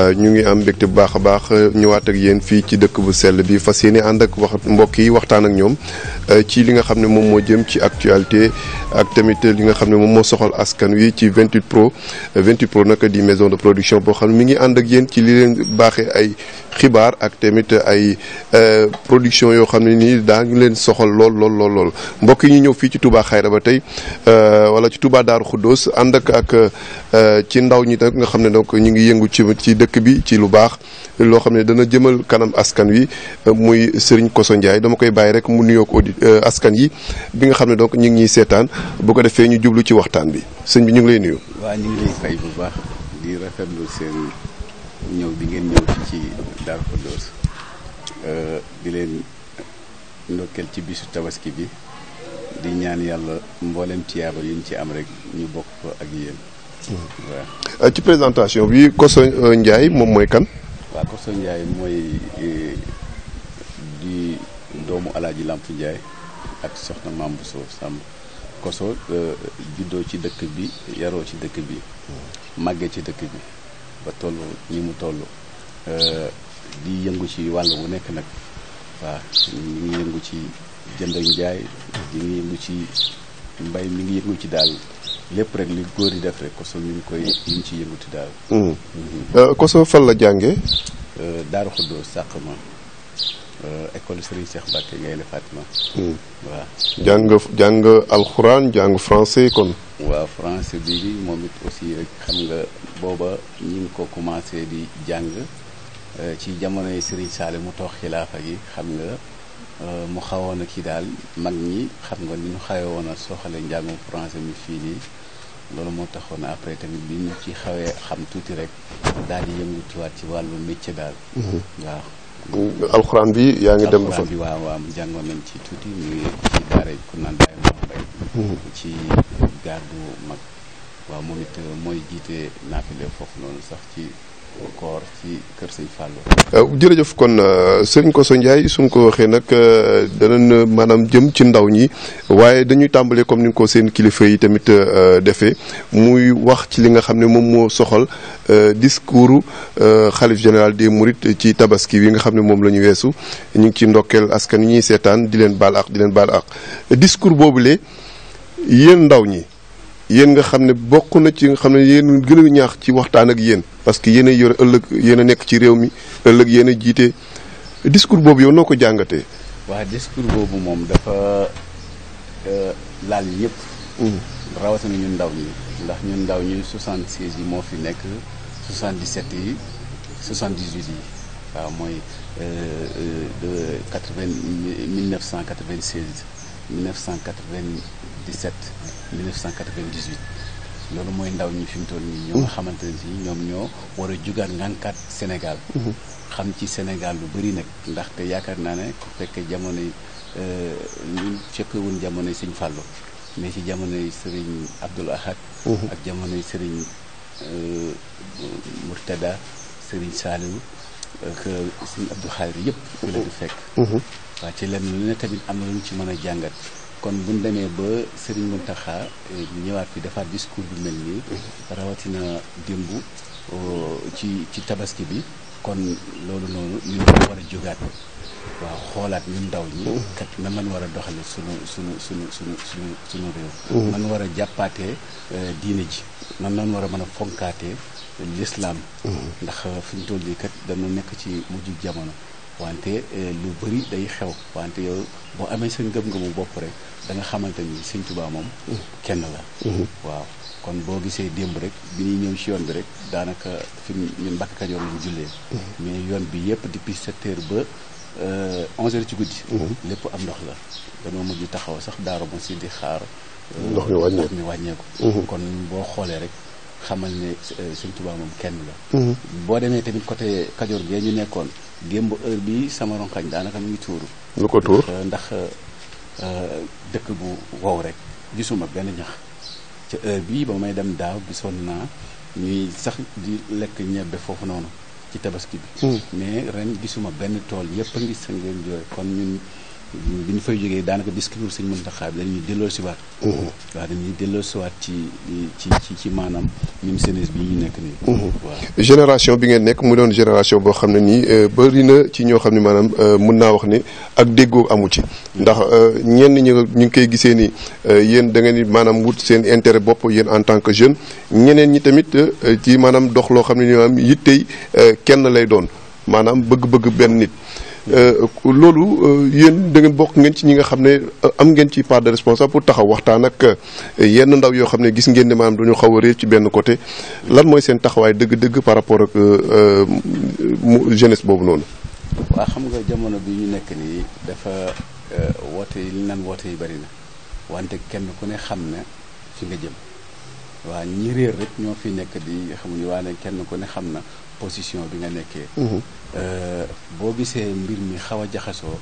Euh, ñu ngi am mbégte bu baax a baax euh, ñëwaat ak yéen fii ci dëkk bu sell bi fa yéene ànd ak wax mbokk yi waxtaan ak ñoom Euh, ci li nga xam ne moom moo jëm ci actualité ak tamit li nga xam ne moom moo soxal askan wi ci 28 pro 28 euh, pro nag di maison de production boo xam ne mu ngi ànd ak yéen ci li leen baaxee ay xibaar ak tamit ay euh, production yoo xam ne nii daa ngi leen soxal lool lool mbokk yi ñu ñëw fii ci Touba Xayra ba tey wala ci Touba Daaru Xuddoos ànd ak ak ci ndaw ñi nag nga xam ne donc ñu ngi yëngu ci ci dëkk bi ci lu baax loo xam ne dana jëmal kanam askan wi euh, muy Serigne koso Ndiaye dama koy bàyyi rek mu nuyoog audit euh, askan yi bi nga xam ne doo ko ñu ngi ñuy seetaan bu ko defee ñu jublu ci waxtaan bi sëñ bi ñu ngi lay nuyu. waa ñu ngi lay fay bu baax di rafetlu seen ñëw bi ngeen ñëw fii ci Darou Khoudoss euh, di leen ndokkeel ci bisu tabaski bi. di ñaan yàlla mboolem tiyaaba yu ñu ci am rek ñu bokk ko ak yéen. Hmm. ci présentation bi Kosso njaay moom mooy kan. waa Korso Ndiaye mooy di doomu Alaaji Lamp njaay ak soxna Maam Bousso Samb Koso e, juddoo ci dëkk bi yaroo ci dëkk bi màggee ci dëkk bi ba toll ñi mu toll e, di yëngu ci wàll bu nekk nag waaw ñu yëngu ci jënd njaay ñu yëngu ci mbay mi ngi yëngu ci daal lépp rek li góor yi def rek koso mi ngi koy ñu ngi ciy yënguti daal. Hmm. Hmm. Euh, koso fan la jàngee. Euh, Daaru Xuddoos sàq ma euh, école Serigne Cheikh Mbacke Gaynde Fatma. Hmm. waaw jàng jàng alxuraan jàng français kon. waa français bi moom it aussi rek xam nga booba ñu ngi ko commencé di jàng ci jamonoy Serigne Saliou mu toog xilaafa gi xam nga. Euh, mu xawoon a kii daal mag ñi xam nga ni ñu xawee woon a soxale njàngum français mi fii nii loolu moo taxoon après tamit bi ñu ci xawee xam tuuti rek daal di yëngutuwaat ci wàllu métier daal. Mm-hmm. waaw. alxuraan bi yaa ngi dem ba fa bi waaw waaw jàngoon ci tuuti ñu ngi ci daara ku naan mm-hmm. daay moom rek. it mooy jiite naafile foofu noonu sax ci. koor ci kër Sëñ Fallou. Euh, kon euh, sëriñ Kosso Ndiaye suñ ko waxee nag euh, danañ maanaam jëm ci ndaw ñi waaye dañuy tàmbalee comme ni ko seen kilifa yi tamit defee muy wax ci li nga xam ne moom moo soxal discours xalif général des Mourides ci tabaski bi nga xam ne moom la ñu weesu ñu ngi ci ndokkeel askan yi ñuy seetaan di leen baal ak di leen baal ak boobu boobule yéen ndaw ñi. yéen nga xam ne bokk na ci nga xam ne yéen gën a ñaax ci waxtaan ak yéen parce que yéen a yore ëllëg yéen a nekk ci réew mi ëllëg yéen jiite discours boobu yow noo ko jàngatee. waa discours boobu moom dafa euh, laal yëpp. Mm. rawatina ñun ndaw ñi ndax ñun ndaw ñi 76 yi moo fi nekk 77 yi 78 yi waaw mooy 80 1996 1997. 1998 loolu mooy ndaw ñi fi mu toll nii. ñoo mm. xamante ne si ñoom ñoo war a jugaat ngànkaat Sénégal. Mm-hmm. xam ci Sénégal lu bëri nag ndaxte yaakaar naa ne ku fekkee jamono yi euh, ñu fekke woon jamono yi sëñ Fallou mais ci jamono yi sëriñ Abdoul Ahad mm-hmm. ak jamonoy yi sëriñ euh, Mourtada sëriñ Saliou ak euh, sëriñ Abdou Khadre yëpp. Mm-hmm. ñu leen di fekk. lu ne tamit am na lu ñu ci mën a jàngat. kon bu ñu demee ba Serigne Mountakha eh, ñëwaat fi defaat discours bu mel nii rawatina démb euh, ci ci tabaski bi kon loolu noonu ñun ñoo war a jógaat waaw xoolaat ñun ndaw ñi mm-hmm. kat na man war a doxale sunu sunu sunu sunu sunu sunu réew man mm-hmm. war a jàppaatee euh, diine ji man man war a mën a fonkaatee lislaam mm-hmm. ndax euh, fi ñu toll nii kat dañu nekk ci mujj jamono wante eh, lu bëri day xew wante yow boo amee sa ngëm-ngëmu bopp rek da nga xamante ni sëñ Tuubaa moom kenn la waaw kon boo gisee démb rek bi ñuy ñëw ci yoon bi rek daanaka fi ñun Mbàkke Kajoor lañu jullee mais yoon bi yëpp depuis sept heures ba euh, onze heures ci guddi lépp am ndox la dañoo mujj taxaw sax daaru ma si di xaar euh, ndox mi wàññeeku mhm. kon boo xoolee rek xamal ne euh, suñ Tuubaa moom kenn la mhm. boo demee tamit côté Kajoor gee ñu nekkoon démb heure bi sama ronkañ daanaka mu ngi tuuru lu ko tuur ndax euh, dëkk bu wow rek gisuma benn ñax ca heure bi ba may dem daaw gisoon naa ñuy sax di lekk ñebbe foofu noonu ci tabaski bi mhm. mais ren gisuma benn tool yépp a ngi sa jooy kon ñun bi ñu fay jógee daanaka discours sëñ Muntaxa bi dañuy delloo siwaat mhm. waaw dañuy delloo ci ci ci ci maanaam ñun bi ñu nekk mhm. génération bi ngeen nekk mu doon génération boo xam ne nii euh, bëri na ci ñoo xam ne maanaam euh, mun naa wax ni ak déggoo amu ci mhm. ndax euh, ñenn ñi ñu ngi koy gisee ni yéen da ngeen ni maanaam wut seen intérêt bopp yéen en tant que jeune ñeneen ñi tamit ci maanaam dox loo xam ne ni maanaam yittey kenn lay doon maanaam bëgg-bëgg benn nit Euh, loolu euh, yéen da ngeen bokk ngeen ci ñi nga xam ne euh, am ngeen ci part de responsable pour taxaw waxtaan ak yenn ndaw yoo xam ne gis ngeen ne maanaam dañu xaw a réer ci benn côté lan mooy seen taxawaay dëgg-dëgg par rapport ak jeunesse boobu noonu. waa xam nga jamono bi ñu nekk nii dafa woote yi li naan woote yi bari na wante kenn ku ne xam ne ci nga jëm waa ñi réer rek ñoo fi nekk di xamuñu waa ne kenn ku ne xam na position bi nga nekkee mhm. euh, boo gisee mbir mi xaw a jaxasoo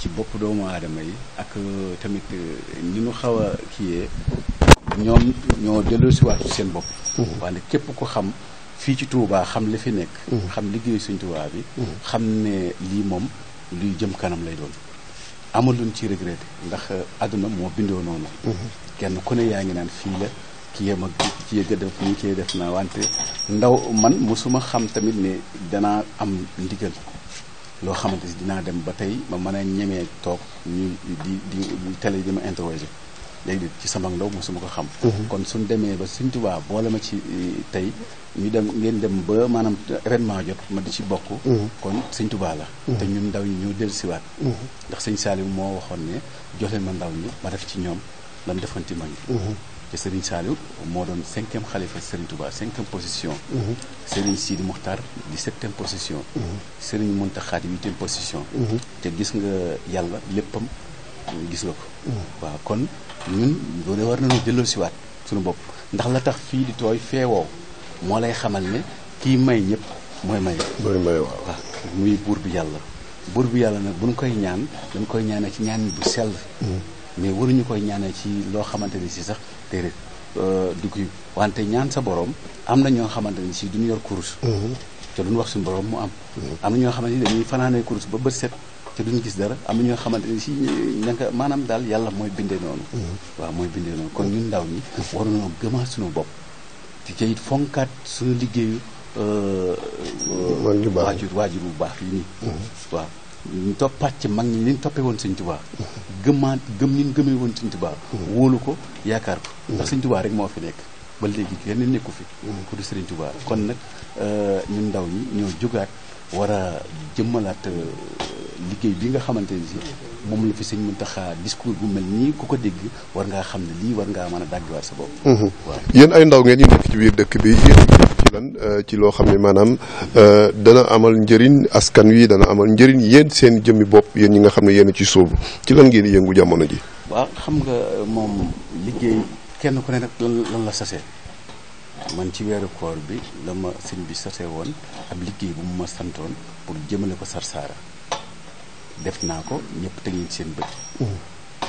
ci bopp doomu aadama yi ak euh, tamit euh, ni mu xaw a kiyee ñoom ñoo delloosiwaatu seen bopp mhm. wante képp ku xam fii ci Touba xam li fi nekk mhm. xam liggéey suñ Touba bi xam ne lii moom luy jëm kanam lay doon amaluñ ci regret ndax àdduna moo bindoo noonu kenn ku ne yaa ngi naan fii la kii yam ak kii yëg a def nii wante ndaw man mosuma xam tamit ne danaa am ndigal loo xamante si dinaa dem ba tey ma mën a ñemee toog ñu di di télé di ma interroger léegi ci sama ndaw mosuma ko xam mhm. kon suñ demee ba suñ boole ma ci e, tey ñu dem ngeen dem ba maanaam ren jot ma di ci bokk mhm. kon sëñ la mhm. te ñun ndaw ñi ñoo dellusiwaat ndax sëñ Saaliw moo waxoon ne jox ma ndaw ñi ma def ci ñoom la mu ci mag ñi te Serigne Saliou moo doon cinquième xalifa Serigne Touba cinquième position. Mhm. Serigne Sidi Mokhtar di septième position. Mhm. Serigne Mountakha di huitième position. Mhm. te gis nga yàlla léppam gis nga ko. waaw kon ñun loolu war nañu delloosiwaat suñu bopp ndax la tax fii di tooy feewoo moo lay xamal ne kii may ñëpp mooy may. mooy may waaw waaw muy buur bi yàlla buur bi yàlla nag buñ koy ñaan dañ koy ñaanee ci ñaan bu sell. mais waruñu koy ñaanee ci loo xamante ni si sax déedéet euh, du ko wante ñaan sa borom am na ñoo xamante ni si duñu yor kurus. Mm-hmm. te duñu wax suñu borom mu am. Mm-hmm. am na ñoo xamante ni dañuy fanaanee kurus ba bët set. te duñu gis dara am na ñoo xamante ni si naka maanaam daal yàlla mooy bindee noonu. Mm-hmm. waaw mooy bindee noonu kon ñun ndaw ñi. war nañoo gëmaat suñu bopp. ci ca it fonkaat suñu liggéeyu. Euh, waajur waajur bu baax yi nii. waaw. toppaat ci mag ñi liñ toppee woon sëñ Tuubaa gëmmaat gëm ñin gëmee woon sëñ Tuubaa wóolu ko yaakaar ko ndax sëñ Tuubaa rek moo fi nekk ba léegi kenn nekku fi ku di sëriñ Tuubaa kon nag euh, ñun ndaw ñi ñoo jógaat war a jëmmalaat euh, liggéey bi nga xamante ni si moom la fi sëñ Muntaxa discours bu mel nii ku ko dégg war ngaa xam ne lii war ngaa mën a dàggiwaat sa bopp mhm. waaw ay ndaw ngeen ñu nekk ci biir dëkk bi askan euh, ci loo xam ne maanaam euh, dana amal njëriñ askan wi dana amal njëriñ yéen seen jëmmi bopp yéen ñi nga xam ne yéen ci sóobu ci lan ngeen yëngu jamono ji. waaw xam nga euh, moom liggéey kenn ku ne nag lan la sase man ci weeru koor bi la ma sëñ bi sase woon ab liggéey bu mu ma santoon pour jëmale ko Sarsara def naa ko ñëpp teg nañ seen bët. Mmh.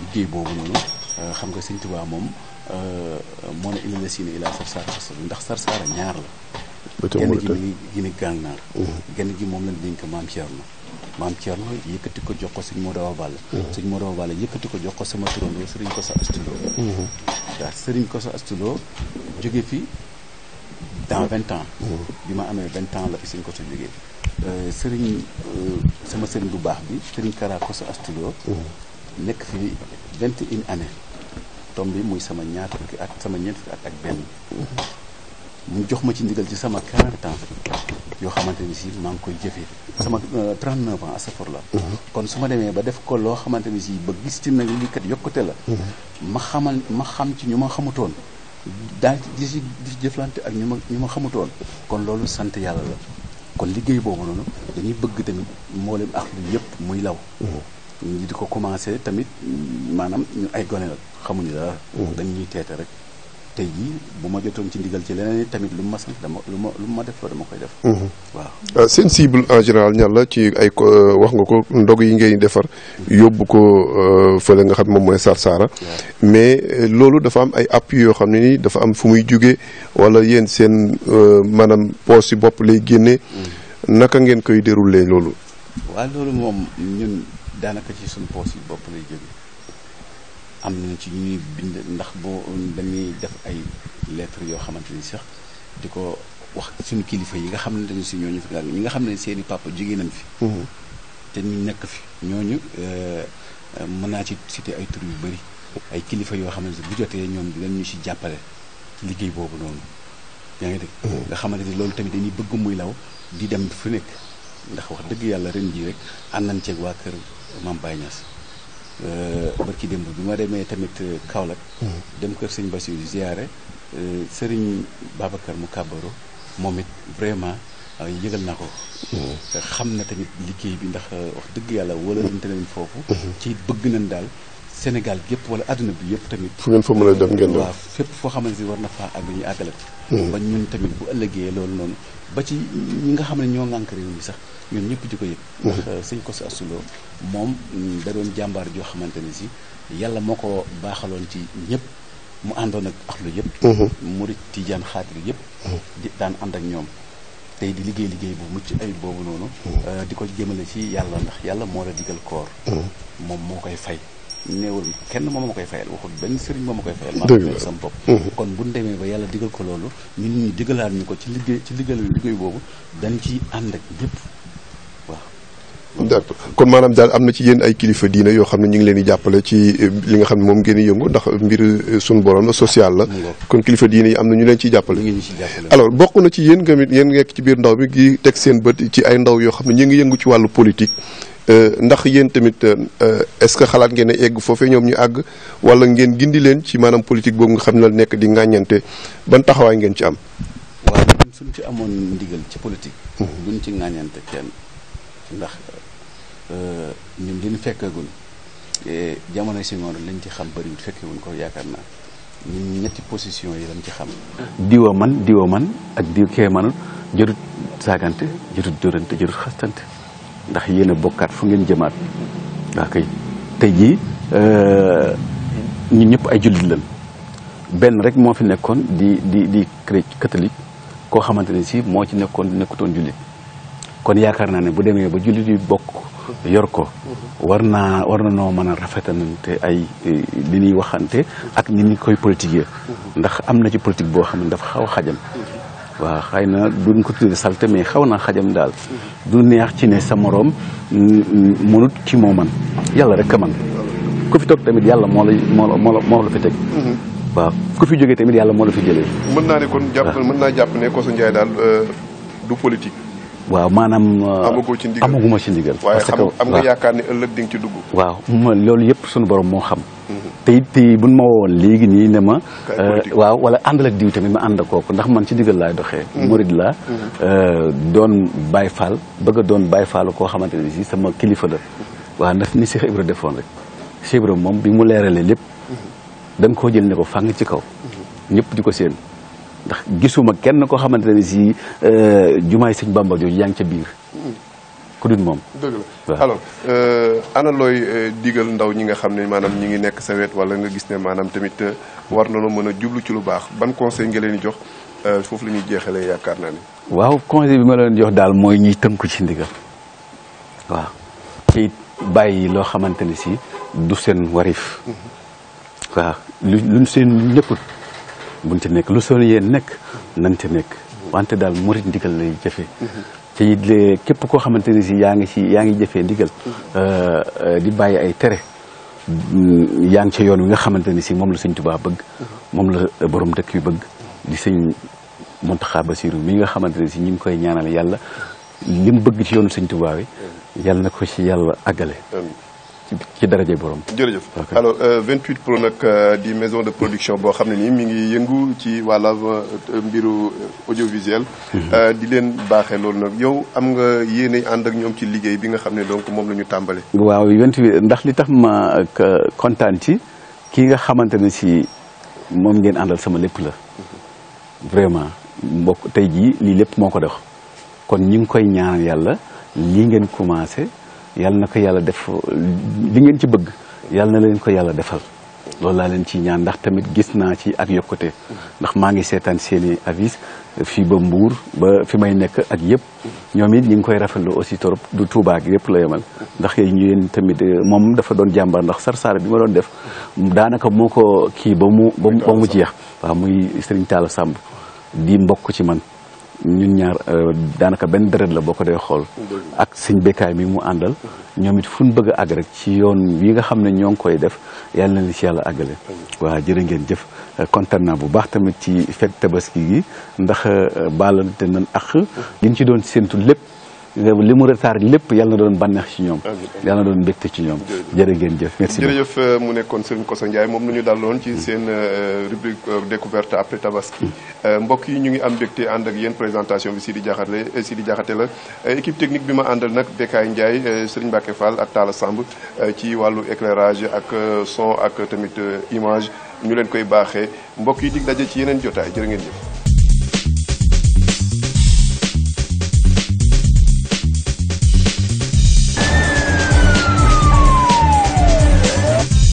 liggéey boobu noonu. Euh, xam nga sëñ Tuubaa moom euh, moo ne illa la siine illa sar saara ndax sar saara ñaar la genn gi mu ngi gini gànnaar genn mm-hmm. gi moom lañ dénk maam Cerno maam Cerno yëkkati ko jox ko sëñ Moodu Awa Balla mm-hmm. sëñ Moodu Awa Balla yëkkati ko jox ko sama turandoo sëriñ ko sa astuloo waaw mm-hmm. ko sa astuloo jóge fi dans vingt ans bi ma amee vingt ans la fi sëñ ko sa jógee sëriñ sama sëriñ bu baax bi sëriñ Kara ko sa astuloo nekk fi vingt et une année tomb bi muy sama ñaar fukki at sama ñeent at ak benn mu jox ma ci ndigal ci sama 40 ans yoo xamante ni si maa ngi koy jëfee sama 39 euh, ans asafar la mhm. kon su ma demee ba def ko loo xamante ni sii ba gis ci nag lii kat yokkute la mhm. ma xamal ma xam ci ñu ma xamutoon daal di si di jëflante ak ñu ma ñu ma xamutoon kon loolu sant yàlla la kon liggéey boobu noonu dañuy bëgg tamit mboolem ak lu yëpp muy law mhm. ñi di ko commencé tamit maanaam ñu ay gone la xamuñu dara. Mm. dañ ñuy teete rek tey jii bu ma jotoon ci ndigal ci leneen tamit lu ma sant dama lu ma lu ma def dama koy def. Mm-hmm. waaw euh, seen cible en général ñan la ci ay ko euh, wax nga ko ndog yi ngeen defar. yóbbu ko euh, fële nga xam moom mooy Sarsara. mais loolu dafa am ay appui yoo xam ne nii dafa am fu muy jóge wala yéen seen maanaam poos si bopp lay génnee. Mm. naka ngeen koy déroulé loolu. waaw loolu moom daanaka ci suñ poos yi bopp lay jóge am nañ ci ñu ñuy bind ndax boo dañuy def ay lettres yoo xamante ni sax di ko wax suñu kilifa yi nga xam ne si ñooñu fi daal ñi nga xam ne seeni papa jóge nañ fi. Mm-hmm. te ñu nekk fi ñooñu euh, mën naa ci citer ay tur yu bëri ay kilifa yoo xamante ne bu jotee ñoom dinañ ñu ci jàppale ci liggéey boobu noonu yaa ngi dégg. Mm-hmm. nga xamante ni loolu tamit dañuy bëgg muy law di dem fu nekk. ndax wax dëgg yàlla ren jii rek ànd nañ ceeg waa kër Mame Baye Niass euh, barki démb bi ma demee tamit euh, Kaolack hmm. dem kër sëñ Bassirou ziyaare euh, sëriñ Babacar mu kàbbaro moom it vraiment yëgal naa ko hmm. xam na tamit liggéey bi ndax wax dëgg yàlla wala lante nañ foofu hmm. ci bëgg nañ daal Sénégal gépp wala àdduna bi yëpp tamit. fu ngeen fa mën a def ngeen waaw fépp foo xamante ni war na faa àgg ñu àggale ko. Hmm. ba ñun tamit bu ëllëgee loolu noonu ba ci ñi nga xam ne ñoo ŋànk réew mi sax ñun ñëpp di ko yëpp hmm. ndax euh, sëñ ko si Lo moom mm, da doon jàmbaar joo xamante ne si yàlla moo ko baaxaloon ci ñëpp mu àndoon ak ak lu yëpp. Hmm. murit tijaan xaatir yëpp. di daan ànd ak ñoom. tey di liggéey liggéey bu mucc ay boobu noonu. Euh, di ko jëmale si yàlla ndax yàlla moo la digal koor. moom moo koy fay. néewal kenn moom ma koy fayal waxul benn sëriñ ma koy fayal. dëgg la kon bu ñu demee ba yàlla ko loolu ñun ñuy ñu ko ci liggéey ci liggéey liggéey boobu dañ ci ànd ak ñëpp waaw. d'accord kon maanaam daal am na ci yéen ay kilifa diina yoo xam ne ñu ngi leen di jàppale ci eh, li nga xam ne moom ngeen yëngu ndax mbir eh, suñu borom la social la. kon kilifa diina yi am na ñu leen ciy jàppale. ñu ci alors bokk na ci yéen tamit yéen nekk ci biir ndaw bi gi teg seen bët ci ay ndaw yoo xam ne ñu ngi yëngu ci wàllu politique Euh, ndax yéen tamit euh, est-ce que xalaat ngeen a egg foofee ñoom ñu àgg walla ngeen gindi leen ci maanaam politique boobu nga xam ne nekk di ŋàññante ban taxawaay ngeen ci am. waaw ñun suñ ci amoon ndigal ci politique. duñ ci ŋàññante kenn ndax euh, ñun li ñu fekkagul jamono si Senghor lañ ci xam bëriwul fekkewuñ ko yaakaar naa ñun ñetti position yi lañ ci xam. diwa man diwa man ak diw kee man jërut saagante jërut jorante jërut xastante. ndax yéen bokkaat fu ngeen jëmaat ndax kay tey jii euh, ñun ñëpp ay jullit lañ benn rek moo fi nekkoon di di di catholique koo xamante ne si moo ci nekkoon di nekkutoon jullit kon yaakaar naa ne bu demee ba jullit yi bokk yor ko war war na noo mën a rafetalante ay eh, li ñuy waxante ak ni ñu koy politique ndax am na ci politique boo xam ne dafa xaw a waaw xëy na duñ ko tudde salte na xajam daal du neex ci ne sa moroom mënut ci moo man yàlla rek a man ku fi toog tamit yàlla moo la moo la moo la fi teg mhm. waaw ku fi jógee tamit yàlla moo la fi jëlee mën naa ne kon jàpp mën naa jàpp ne Koso Ndiaye daal euh, du politique waaw maanaam. Euh, amagoo ci ndigal amaguma ci ndigal. parce que waaye am nga yaakaar ne ëllëg di nga ci dugg. waaw loolu yëpp sunu borom moo xam. Mhm. te bu buñ ma woowoon léegi nii ne ma. Euh, waaw wala àndal ak diw tamit ma ànd kooku ndax man ci ndigal laay doxee. Mhm. murid la mhm. euh, doon Baay Faal bëgg a doon Baay Faal koo xamante ne si sama kilifa la. waa ndax ni Cheikh Ibra defoon rek Cheikh Ibra moom bi mu leeralee lépp. da nga koo jël ne ko fàng ci kaw. ñëpp di ko séen. ndax gisuma kenn koo xamante ne si euh, jumaay sëñ Bamba jooju yaa ngi ca biir ku dul moom dëgg la alors euh, ana euh, digal ndaw ñi nga xam ne maanaam ñi ngi nekk sa wet wala nga gis ne maanaam tamit war na noo mën a jublu ci lu baax ban conseil nga leen di jox foofu la ñuy jeexalee yaakaar naa ne waaw conseil bi ma leen jox daal mooy ñuy tënku ci ndigal waaw te bàyyi loo xamante ne si du seen warif mm-hmm. waaw lu luñ seen ñëpp buñ ci nekk lu solo yéen nekk nañ ci nekk wante daal murit ndigal lay jëfe te it képp koo xamante ne si yaa ngi ci yaa ngi jëfee ndigal euh, di bàyyi ay tere mm, yaa ngi ca yoon wi nga xamante ne si moom la sëñ Tuubaa bëgg moom la borom dëkk yu bëgg di sëñ Muntaxa Basiru mi nga xamante ne si ñu ngi koy ñaanal yàlla li mu bëgg ci yoonu sëñ Tuubaa wi yàlla na ko ci yàlla àggale ci daraje borom. jërëjëf alors 28 euh, Pro nag euh, di maison de production boo xam ne nii mi ngi yëngu ci wàlla euh, mbiru audiovisuel. Mhm. di leen baaxee loolu nag yow am nga yéene ànd ak ñoom ci liggéey bi nga xam ne donc moom la ñu tàmbale. waaw 28 ndax li tax ma kontaan ci kii nga xamante ne si moom ngeen àndal sama lépp la. vraiment mbokk tey jii lii lépp moo ko dox kon ñu ngi koy ñaanal yàlla lii ngeen commencé. yàlla na ko yàlla def li ngeen ci bëgg yàlla na leen ko yàlla defal loolu laa leen ci ñaan ndax tamit gis naa ci ak yokkute ndax maa ngi seetaan seeni avis fii ba mbuur ba fi may nekk ak yëpp ñoom it ñu ngi koy rafetlu aussi trop du Touba ak yëpp la yemal ndax ñu tamit euh, moom dafa doon jàmbaar ndax sarsaar bi ma doon def daanaka moo ko kii ba mu ba mu jeex waaw muy Serigne Talla Samb di mbokk ci man ñun ñaar euh, daanaka benn deret la boo ko dee xool ak sëñ bekkaay mi mu àndal ñoom it fu ñu bëgg agre ci yoon yi nga xam ne ñoo ngi koy def yàlla na li ci yàlla àggale waa jërë ngeen jëf euh, kontaan naa bu baax tamit ci fekk tabaski gi ndax euh, baalante nan ak liñ ci doon séentu lépp li mu retard lépp yàlla na doon banneex ci ñoom yàlla na doon ci ñoom jërë ngeen jëf merci jërëjëf euh, mu nekkoon Serigne Kosso Ndiaye moom la ñu daloon ci mm. seen euh, rubrique euh, découverte après tabaski mbokk yi ñu ngi am mbégte ànd ak yéen présentation bi Sidi Diakhaté Sidi Diakhaté la équipe technique bi ma àndal nag Bekaay Ndiaye Serigne mbake Fall ak Talla Samb ci wàllu éclairage ak son ak tamit image ñu leen koy baaxee mbokk yi dig daje ci yeneen jotaay jërë ngeen jëf